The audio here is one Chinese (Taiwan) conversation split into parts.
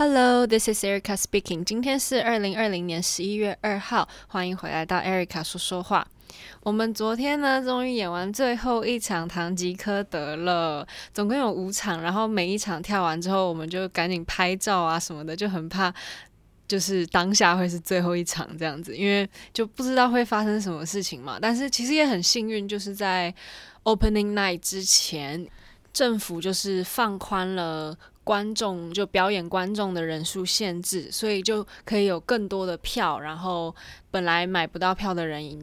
Hello, this is Erica speaking. 今天是二零二零年十一月二號，歡迎回來到 Erica 說說話。我們昨天呢，終於演完最後一場《唐吉軻德》了，總共有五場，然後每一場跳完之後，我們就趕緊拍照啊什麼的，就很怕就是當下會是最後一場這樣子，因為就不知道會發生什麼事情嘛。但是其實也很幸運，就是在 Opening Night 之前，政府就是放寬了。觀眾就表演，觀眾的人數限制，所以就可以有更多的票，然後本來買不到票的人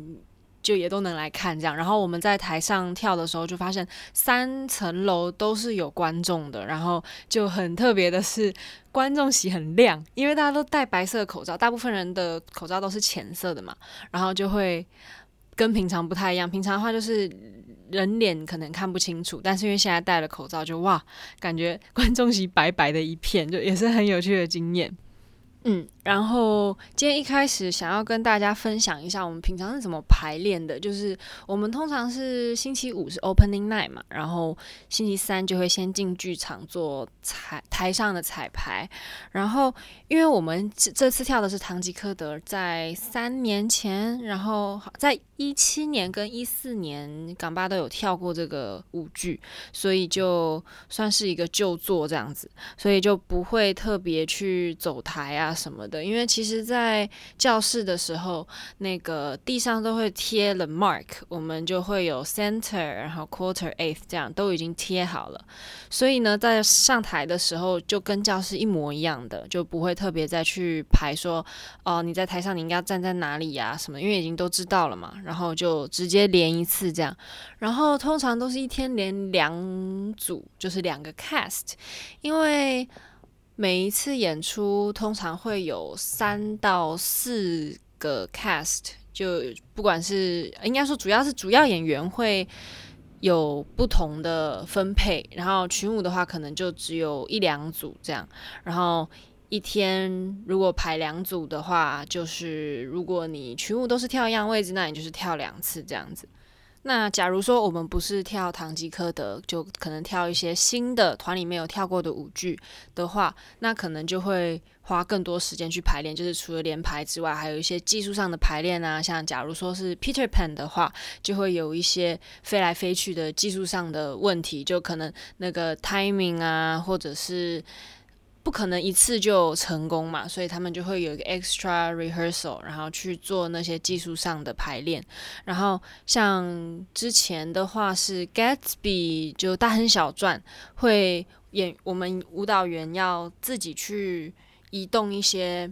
就也都能來看這樣。然後我們在台上跳的時候，就發現三層樓都是有觀眾的，然後就很特別的是，觀眾席很亮，因為大家都戴白色的口罩，大部分人的口罩都是淺色的嘛，然後就會跟平常不太一樣。平常的話就是。人臉可能看不清楚，但是因為現在戴了口罩就，就哇，感覺觀眾席白白的一片，就也是很有趣的經驗。嗯，然後今天一開始想要跟大家分享一下我們平常是怎麼排練的，就是我們通常是星期五是 opening night 嘛，然後星期三就會先進劇場做彩台上的彩排，然後因為我們這，這次跳的是《唐吉軻德》，在三年前，然後好，在一七年跟一四年港巴都有跳過這個舞劇，所以就算是一個舊作這樣子，所以就不會特別去走台啊。什麼的。因為其實，在教室的時候，那個地上都會貼了 mark，我們就會有 center，然後 quarter eighth 這樣都已經貼好了。所以呢，在上台的時候就跟教室一模一樣的，就不會特別再去排說，哦、呃，你在台上你應該站在哪裡呀、啊？什麼？因為已經都知道了嘛，然後就直接連一次這樣。然後通常都是一天連兩組，就是兩個 cast，因為，每一次演出通常會有三到四個 cast，就不管是，應該說主要是主要演員會有不同的分配，然後群舞的話可能就只有一兩組這樣。然後一天如果排兩組的話，就是如果你群舞都是跳一樣位置，那你就是跳兩次這樣子。那假如說我們不是跳《唐吉訶德》，就可能跳一些新的團裡面有跳過的舞劇的話，那可能就會花更多時間去排練。就是除了連排之外，還有一些技術上的排練啊，像假如說是《Peter Pan》的話，就會有一些飛來飛去的技術上的問題，就可能那個 timing 啊，或者是。不可能一次就成功嘛，所以他們就會有一個 extra rehearsal，然後去做那些技術上的排練。然後像之前的話是 Gatsby 就大亨小傳，會演我們舞蹈員要自己去移動一些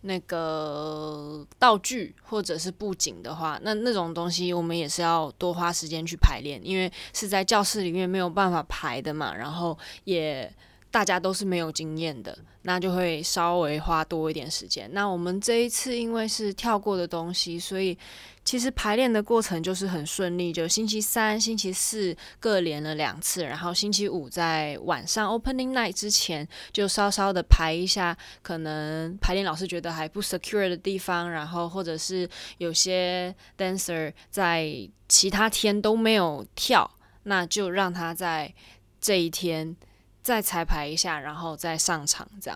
那個道具或者是布景的話，那那種東西我們也是要多花時間去排練，因為是在教室裡面沒有辦法排的嘛，然後也。大家都是沒有經驗的，那就會稍微花多一點時間。那我們這一次因為是跳過的東西，所以其實排練的過程就是很順利。就星期三、星期四各練了兩次，然後星期五在晚上 opening night 之前就稍稍的排一下，可能排練老師覺得還不 secure 的地方，然後或者是有些 dancer 在其他天都沒有跳，那就讓他在這一天。再彩排一下，然後再上場，這樣。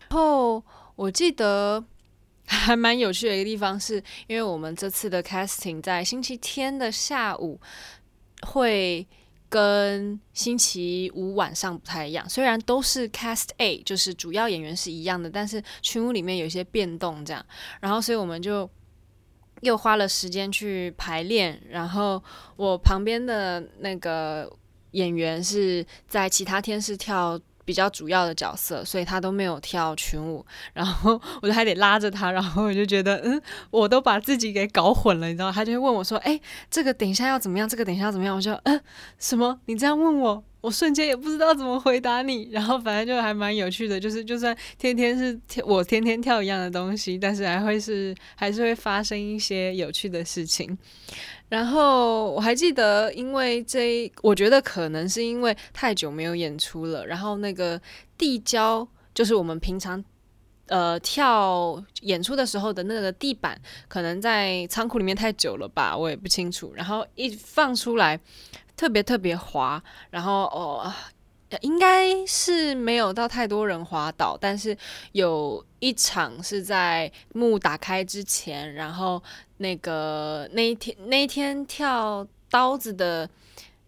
然後我記得還蠻有趣的一個地方，是因為我們這次的 casting 在星期天的下午會跟星期五晚上不太一樣，雖然都是 cast A，就是主要演員是一樣的，但是群舞裡面有一些變動，這樣。然後所以我們就又花了時間去排練，然後我旁邊的那個。演員是在其他天是跳比較主要的角色，所以他都沒有跳群舞，然後我就還得拉着他，然後我就覺得，嗯，我都把自己給搞混了，你知道？他就會問我說，誒，這個等一下要怎麼樣？這個等一下要怎麼樣？我就，嗯，什麼？你這樣問我，我瞬間也不知道怎麼回答你。然後反正就還蠻有趣的，就是就算天天是我天天跳一樣的東西，但是還會是還是會發生一些有趣的事情。然後我還記得，因為這，我覺得可能是因為太久沒有演出了，然後那個地膠就是我們平常呃跳演出的時候的那個地板，可能在倉庫裡面太久了吧，我也不清楚。然後一放出來，特別特別滑，然後哦。應該是沒有到太多人滑倒，但是有一場是在幕打開之前，然後那個那一天那一天跳刀子的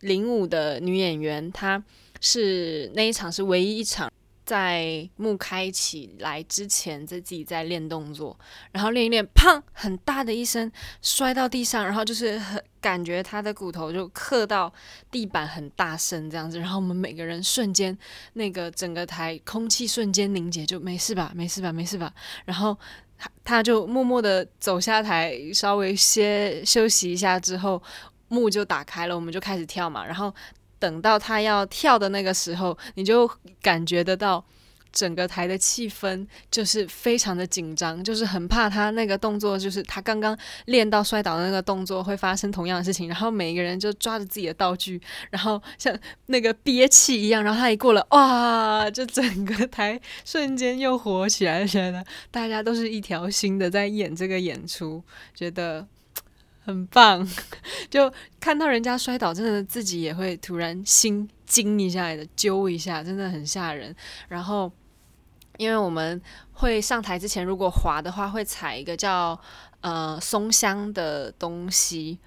領舞的女演員，她是那一場是唯一一場。在幕開起來之前，自己在練動作，然後練一練，砰，很大的一聲摔到地上，然後就是很感覺他的骨頭就磕到地板，很大聲這樣子，然後我們每個人瞬間，那個整個台空氣瞬間凝結，就沒事吧，沒事吧，沒事吧，然後他他就默默的走下台，稍微歇休息一下之後，幕就打開了，我們就開始跳嘛，然後。等到他要跳的那個時候，你就感覺得到整個台的氣氛就是非常的緊張，就是很怕他那個動作，就是他剛剛練到摔倒的那個動作會發生同樣的事情。然後每一個人就抓着自己的道具，然後像那個憋氣一樣。然後他一過來，哇！就整個台瞬間又活起來，覺得大家都是一條心的在演這個演出，覺得。很棒，就看到人家摔倒，真的自己也會突然心驚一下的，揪一下，真的很嚇人。然後，因為我們會上台之前，如果滑的話，會踩一個叫呃松香的東西，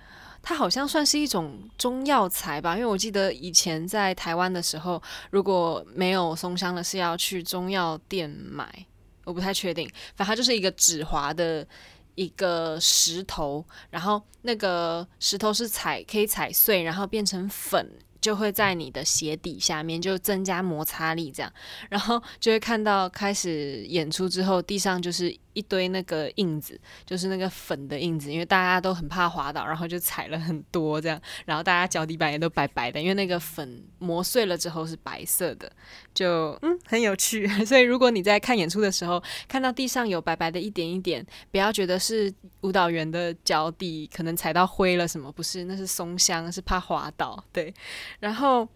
它好像算是一種中藥材吧。因為我記得以前在台灣的時候，如果沒有松香的是要去中藥店買，我不太確定，反正它就是一個止滑的。一個石頭，然後那個石頭是踩，可以踩碎，然後變成粉，就會在你的鞋底下面，就增加摩擦力，這樣，然後就會看到開始演出之後，地上就是。一堆那個印子，就是那個粉的印子，因為大家都很怕滑倒，然後就踩了很多這樣，然後大家腳底板也都白白的，因為那個粉磨碎了之後是白色的，就嗯很有趣。 所以如果你在看演出的時候看到地上有白白的一點一點，不要覺得是舞蹈員的腳底可能踩到灰了什麼，不是，那是松香，是怕滑倒。對，然後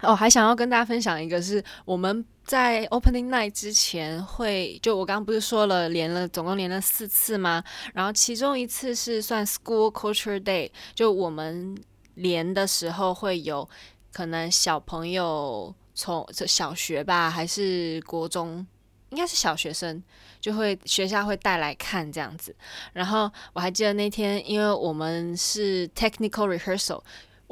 哦，還想要跟大家分享一個是我們。在 Opening Night 之前會，會就我剛剛不是說了連了總共連了四次嗎？然後其中一次是算 School Culture Day，就我們連的時候會有可能小朋友從小學吧還是國中，應該是小學生，就會學校會帶來看這樣子。然後我還記得那天，因為我們是 Technical Rehearsal。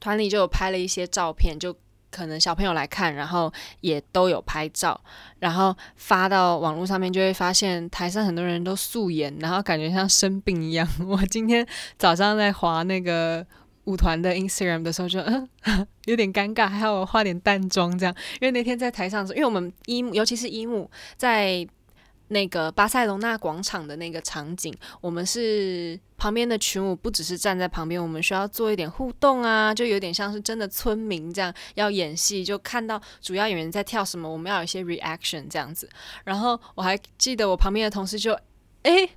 團裡就有拍了一些照片，就可能小朋友來看，然後也都有拍照，然後發到網絡上面，就會發現台上很多人都素顏，然後感覺像生病一樣。我今天早上在划那個舞團的 Instagram 的時候就，就有點尷尬，還好我化點淡妝這樣。因為那天在台上，因為我們一，尤其是一木在。那個巴塞隆納廣場的那個場景，我們是旁邊的群舞，不只是站在旁邊，我們需要做一點互動啊，就有點像是真的村民這樣要演戲，就看到主要演員在跳什麼，我們要有一些 reaction 這樣子。然後我還記得我旁邊的同事就，哎。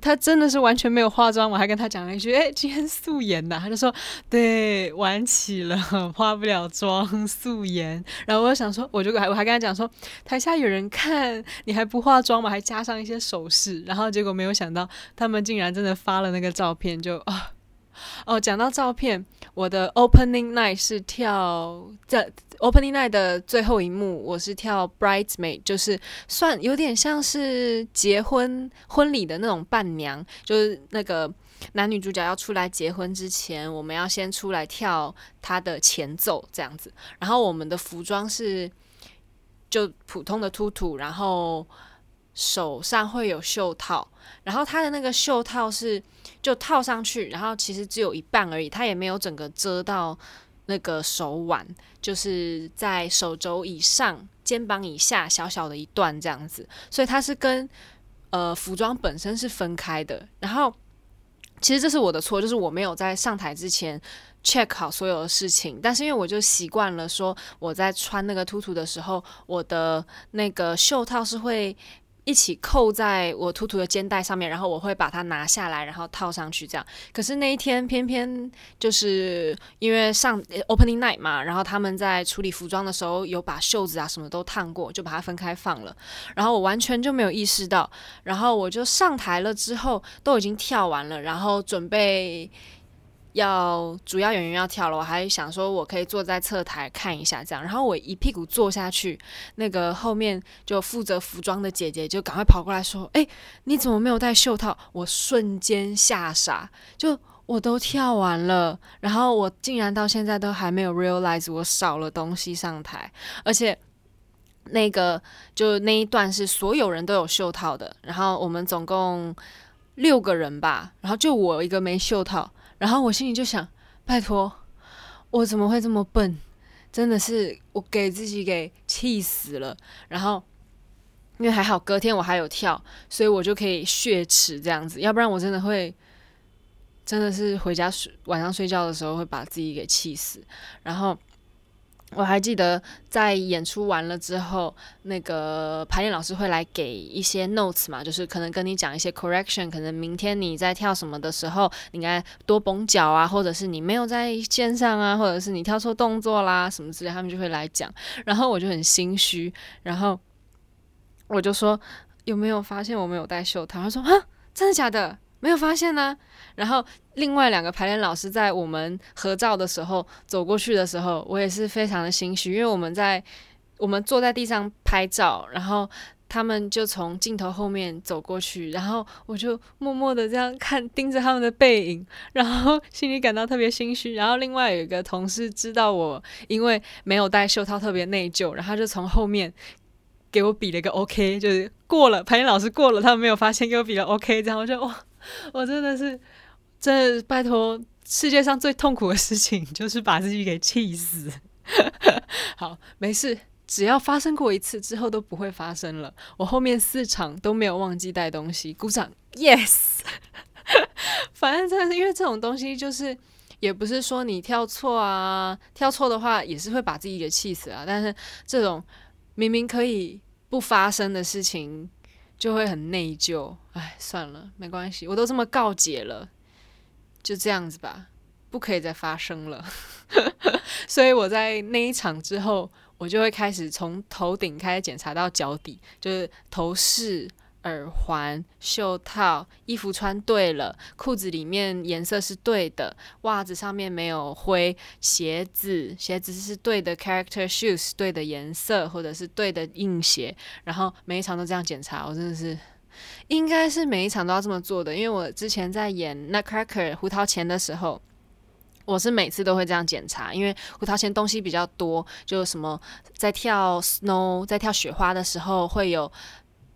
他真的是完全沒有化妝，我還跟他講了一句：“哎、欸，今天素顏的。”他就說：“對，晚起了，化不了妝，素顏。”然後我就想說，我就還我還跟他講說：“台下有人看你還不化妝嗎？還加上一些首飾。然後結果沒有想到，他們竟然真的發了那個照片，就哦哦，講到照片。我的 opening night 是跳這 opening night 的最後一幕，我是跳 bridesmaid，就是算有點像是結婚婚禮的那種伴娘，就是那個男女主角要出來結婚之前，我們要先出來跳他的前奏這樣子。然後我們的服裝是就普通的 tutu，然後。手上會有袖套，然後它的那個袖套是就套上去，然後其實只有一半而已，它也沒有整個遮到那個手腕，就是在手肘以上、肩膀以下小小的一段這樣子，所以它是跟呃服裝本身是分開的。然後其實這是我的錯，就是我沒有在上台之前 check 好所有的事情，但是因為我就習慣了說我在穿那個 tutu 的時候，我的那個袖套是會。一起扣在我禿禿的肩帶上面，然後我會把它拿下來，然後套上去這樣。可是那一天偏偏就是因為上、嗯、opening night 嘛，然後他們在處理服裝的時候有把袖子啊什麼都燙過，就把它分開放了。然後我完全就沒有意識到，然後我就上台了之後都已經跳完了，然後準備。要主要演員要跳了，我還想說，我可以坐在側台看一下這樣。然後我一屁股坐下去，那個後面就負責服裝的姐姐就趕快跑過來說：“哎、欸，你怎麼沒有戴袖套？”我瞬間嚇傻，就我都跳完了，然後我竟然到現在都還沒有 realize 我少了東西上台，而且那個就那一段是所有人都有袖套的，然後我們總共六個人吧，然後就我一個沒袖套。然後我心裡就想，拜託，我怎麼會這麼笨？真的是我給自己給氣死了。然後，因為還好隔天我還有跳，所以我就可以雪恥這樣子。要不然我真的會，真的是回家睡，晚上睡覺的時候會把自己給氣死。然後。我還記得在演出完了之後，那個排練老師會來給一些 notes 嘛，就是可能跟你講一些 correction，可能明天你在跳什麼的時候，你應該多繃腳啊，或者是你沒有在線上啊，或者是你跳錯動作啦什麼之類，他們就會來講。然後我就很心虛，然後我就說有沒有發現我沒有帶袖套？他說啊，真的假的？沒有發現呢、啊。然後另外兩個排練老師在我們合照的時候走過去的時候，我也是非常的心虛，因為我們在我們坐在地上拍照，然後他們就從鏡頭後面走過去，然後我就默默的這樣看盯着他們的背影，然後心裡感到特別心虛。然後另外有一個同事知道我因為沒有戴袖套特別內疚，然後他就從後面給我比了一個 OK，就是過了，排練老師過了，他們沒有發現，給我比了 OK，然後我就哇。我真的是，真的拜託世界上最痛苦的事情就是把自己給氣死。 好，沒事，只要發生過一次之後都不會發生了。我後面四場都沒有忘記帶東西，鼓掌，yes。 反正真的是，因為這種東西就是，也不是說你跳錯啊，跳錯的話也是會把自己給氣死啊。但是這種明明可以不發生的事情。就會很內疚，哎，算了，沒關係，我都這麼告解了，就這樣子吧，不可以再發生了。 所以我在那一場之後，我就會開始從頭頂開始檢查到腳底，就是頭飾。耳環、袖套、衣服穿對了，褲子裡面顏色是對的，襪子上面沒有灰，鞋子鞋子是對的，character shoes 對的顏色，或者是對的硬鞋。然後每一場都這樣檢查，我真的是，應該是每一場都要這麼做的。因為我之前在演 Nutcracker 胡桃鉗的時候，我是每次都會這樣檢查，因為胡桃鉗東西比較多，就什麼在跳 snow 在跳雪花的時候會有。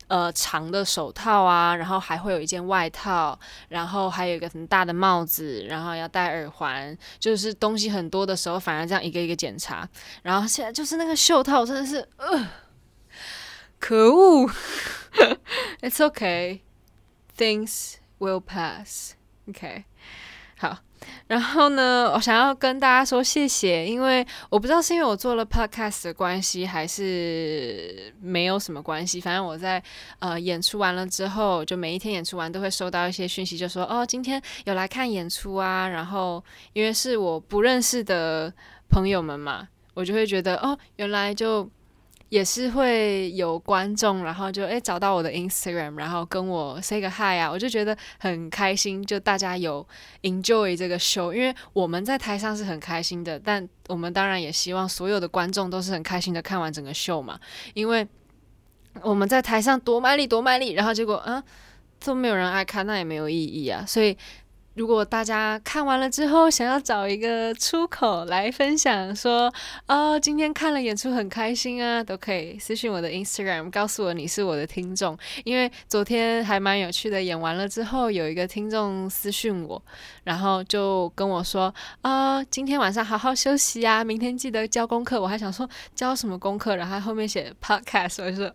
呃，長的手套啊，然後還會有一件外套，然後還有一個很大的帽子，然後要戴耳環，就是東西很多的時候，反而這樣一個一個檢查。然後現在就是那個袖套真的是，呃可惡。 It's okay, things will pass. Okay，好。然後呢，我想要跟大家說謝謝，因為我不知道是因為我做了 podcast 的關係，還是沒有什麼關係。反正我在呃演出完了之後，就每一天演出完都會收到一些訊息，就說哦，今天有來看演出啊。然後因為是我不認識的朋友們嘛，我就會覺得哦，原來就。也是會有觀眾，然後就誒、欸、找到我的 Instagram，然後跟我 say 個 hi 啊，我就覺得很開心。就大家有 enjoy 這個 show，因為我們在台上是很開心的，但我們當然也希望所有的觀眾都是很開心的看完整個 show 嘛。因為我們在台上多賣力，多賣力，然後結果啊都沒有人愛看，那也沒有意義啊。所以。如果大家看完了之後想要找一個出口來分享說，說哦，今天看了演出很開心啊，都可以私信我的 Instagram，告訴我你是我的聽眾。因為昨天還蠻有趣的，演完了之後有一個聽眾私信我，然後就跟我說啊、哦，今天晚上好好休息呀、啊，明天記得交功課。我還想說交什麼功課，然後後面寫 podcast，我就說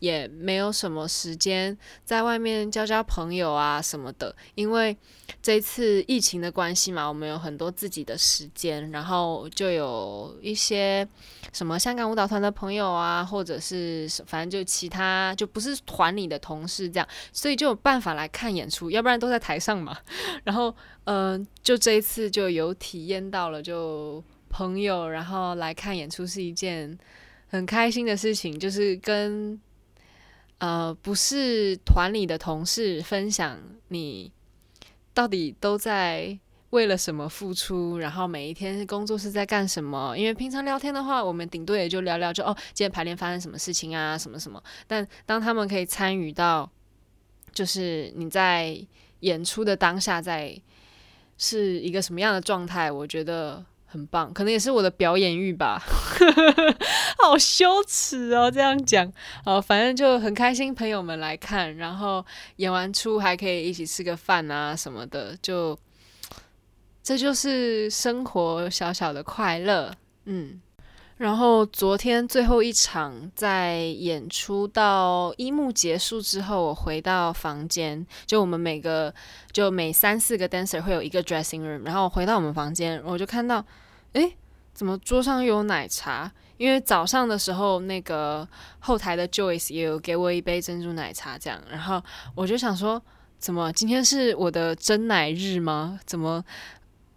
也沒有什麼時間在外面交交朋友啊什麼的，因為這一次疫情的關係嘛，我們有很多自己的時間，然後就有一些什麼香港舞蹈團的朋友啊，或者是反正就其他，就不是團裡的同事這樣，所以就有辦法來看演出，要不然都在台上嘛。然後嗯、呃，就這一次就有體驗到了，就朋友然後來看演出是一件很開心的事情，就是跟。呃，不是團裡的同事分享你到底都在為了什麼付出，然後每一天工作是在幹什麼？因為平常聊天的話，我們頂多也就聊聊就，就哦，今天排練發生什麼事情啊，什麼什麼。但當他們可以參與到，就是你在演出的當下，在是一個什麼樣的狀態，我覺得。很棒，可能也是我的表演欲吧， 好羞恥哦，這樣講哦，反正就很開心，朋友們來看，然後演完出還可以一起吃個飯啊什麼的，就這就是生活小小的快樂，嗯，然後昨天最後一場在演出到一幕結束之後，我回到房間，就我們每個就每三四個 dancer 會有一個 dressing room，然後回到我們房間，我就看到。誒，怎麼桌上有奶茶？因為早上的時候，那個後台的 Joyce 也有給我一杯珍珠奶茶，這樣。然後我就想說，怎麼今天是我的珍奶日嗎？怎麼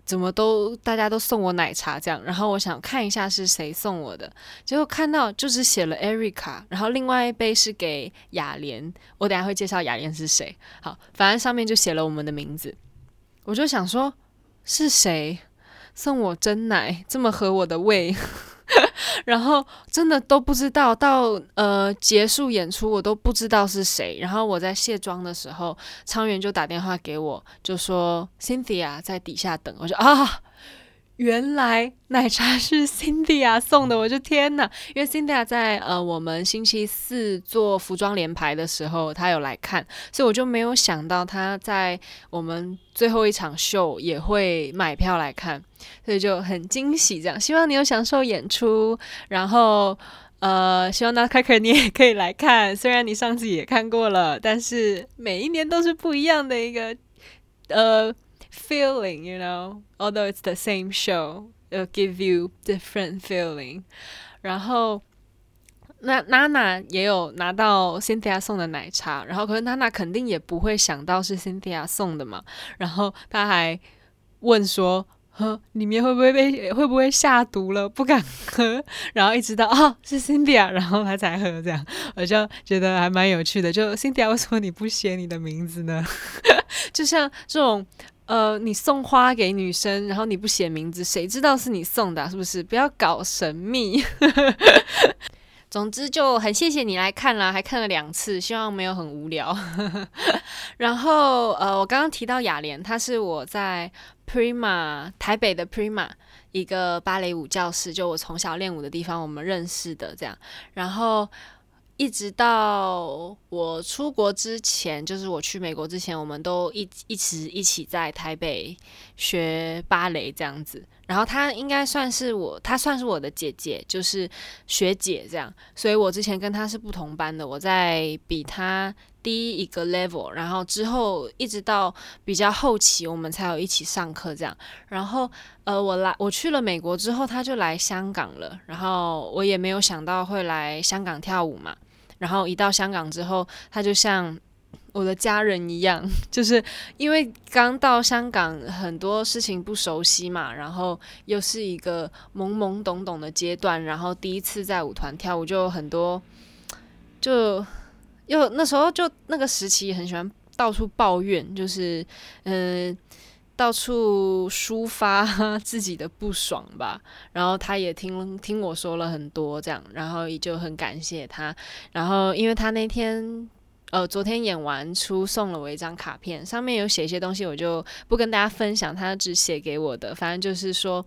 怎麼都大家都送我奶茶這樣？然後我想看一下是誰送我的，結果看到就只寫了 Erica，然後另外一杯是給雅蓮，我等下會介紹雅蓮是誰。好，反正上面就寫了我們的名字，我就想說是誰。送我珍奶，這麼合我的胃， 然後真的都不知道到，呃結束演出，我都不知道是誰。然後我在卸妝的時候，昌元就打電話給我，就說 Cynthia 在底下等，我就啊。原來奶茶是 Cindy 啊，送的，我的天哪！因為 Cindy 啊在呃我們星期四做服裝聯排的時候，她有來看，所以我就沒有想到她在我們最後一場秀也會買票來看，所以就很驚喜這樣。希望你有享受演出，然後呃，希望那 Caker 你也可以來看，雖然你上次也看過了，但是每一年都是不一樣的一個呃。feeling，you know，although it's the same show，it'll give you different feeling。然後，那娜娜也有拿到 Cynthia 送的奶茶，然後可是娜娜肯定也不會想到是 Cynthia 送的嘛。然後她還問說：“呵，裡面會不會被會不會下毒了？不敢喝。”然後一直到啊、哦、是 Cynthia，然後她才喝這樣。我就覺得還蠻有趣的。就 Cynthia 說為什麼你不寫你的名字呢， 就像這種。呃，你送花給女生，然後你不寫名字，誰知道是你送的啊，是不是？不要搞神秘。 總之，就很謝謝你來看啦。還看了兩次，希望沒有很無聊。 然後，呃，我剛剛提到雅蓮，她是我在 Prima 台北的 Prima 一個芭蕾舞教室，就我從小練舞的地方，我們認識的這樣。然後。一直到我出國之前，就是我去美國之前，我們都一一直一起在台北學芭蕾這樣子。然後她應該算是我，她算是我的姐姐，就是學姐這樣。所以我之前跟她是不同班的，我在比她低一個 level。然後之後一直到比較後期，我們才有一起上課這樣。然後呃，我來我去了美國之後，她就來香港了。然後我也沒有想到會來香港跳舞嘛。然後一到香港之後，他就像我的家人一樣，就是因為剛到香港很多事情不熟悉嘛，然後又是一個懵懵懂懂的階段，然後第一次在舞團跳舞就很多，就又那時候就那個時期很喜歡到處抱怨，就是嗯。呃到處抒發自己的不爽吧，然後他也聽聽我說了很多這樣，然後也就很感謝他，然後因為他那天。呃，昨天演完出送了我一張卡片，上面有寫一些東西，我就不跟大家分享，他只寫給我的。反正就是說，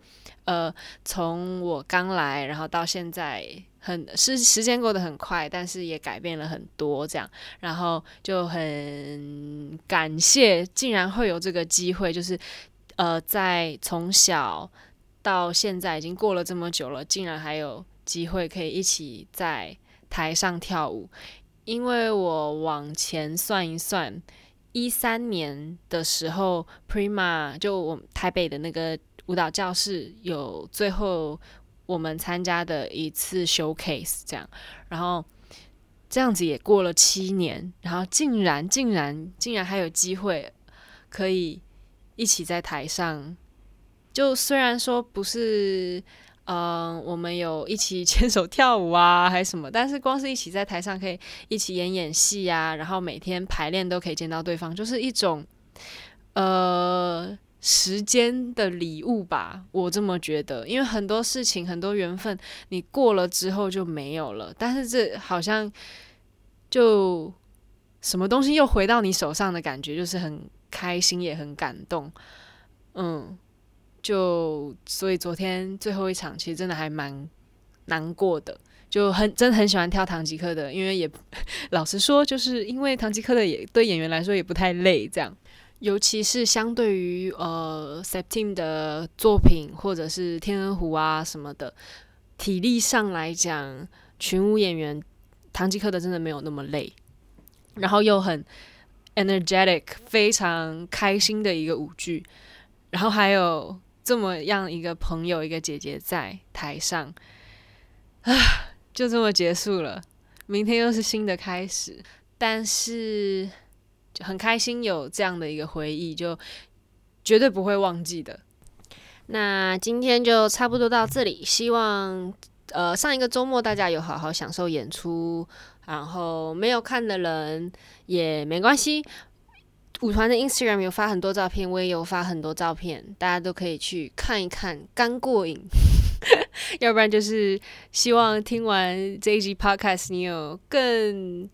呃，從我剛來，然後到現在，很是時間過得很快，但是也改變了很多這樣，然後就很感謝，竟然會有這個機會，就是呃，在從小到現在已經過了這麼久了，竟然還有機會可以一起在台上跳舞。因為我往前算一算，一三年的時候，Prima，就我們台北的那個舞蹈教室有最後我們參加的一次 showcase 這樣，然後這樣子也過了七年，然後竟然竟然竟然還有機會可以一起在台上，就雖然說不是。嗯，我們有一起牽手跳舞啊，還是什麼？但是光是一起在台上可以一起演演戲呀、啊，然後每天排練都可以見到對方，就是一種呃時間的禮物吧，我這麼覺得。因為很多事情很多緣分，你過了之後就沒有了，但是這好像就什麼東西又回到你手上的感覺，就是很開心也很感動，嗯。就所以昨天最後一場其實真的還蠻難過的，就很真的很喜歡跳唐吉軻德，因為也老實說，就是因為唐吉軻德也對演員來說也不太累，這樣，尤其是相對於呃 Septim 的作品或者是天鵝湖啊什麼的，體力上來講，群舞演員唐吉軻德真的沒有那麼累，然後又很 energetic，非常開心的一個舞劇，然後還有。這麼樣一個朋友，一個姐姐在台上，啊，就這麼結束了。明天又是新的開始，但是就很開心有這樣的一個回憶，就絕對不會忘記的。那今天就差不多到這裡，希望呃上一個週末大家有好好享受演出，然後沒有看的人也沒關係。舞團的 Instagram 有發很多照片，我也有發很多照片，大家都可以去看一看，剛過癮。 要不然就是希望聽完這一集 Podcast，你有更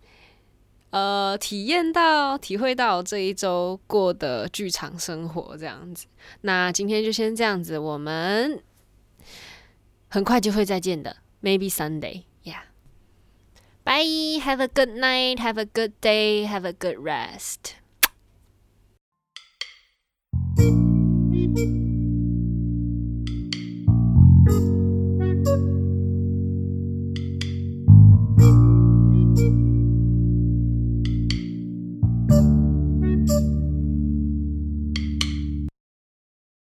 呃體驗到、體會到這一周過的劇場生活這樣子。那今天就先這樣子，我們很快就會再見的，Maybe Sunday，Yeah，Bye，Have a good night，Have a good day，Have a good rest。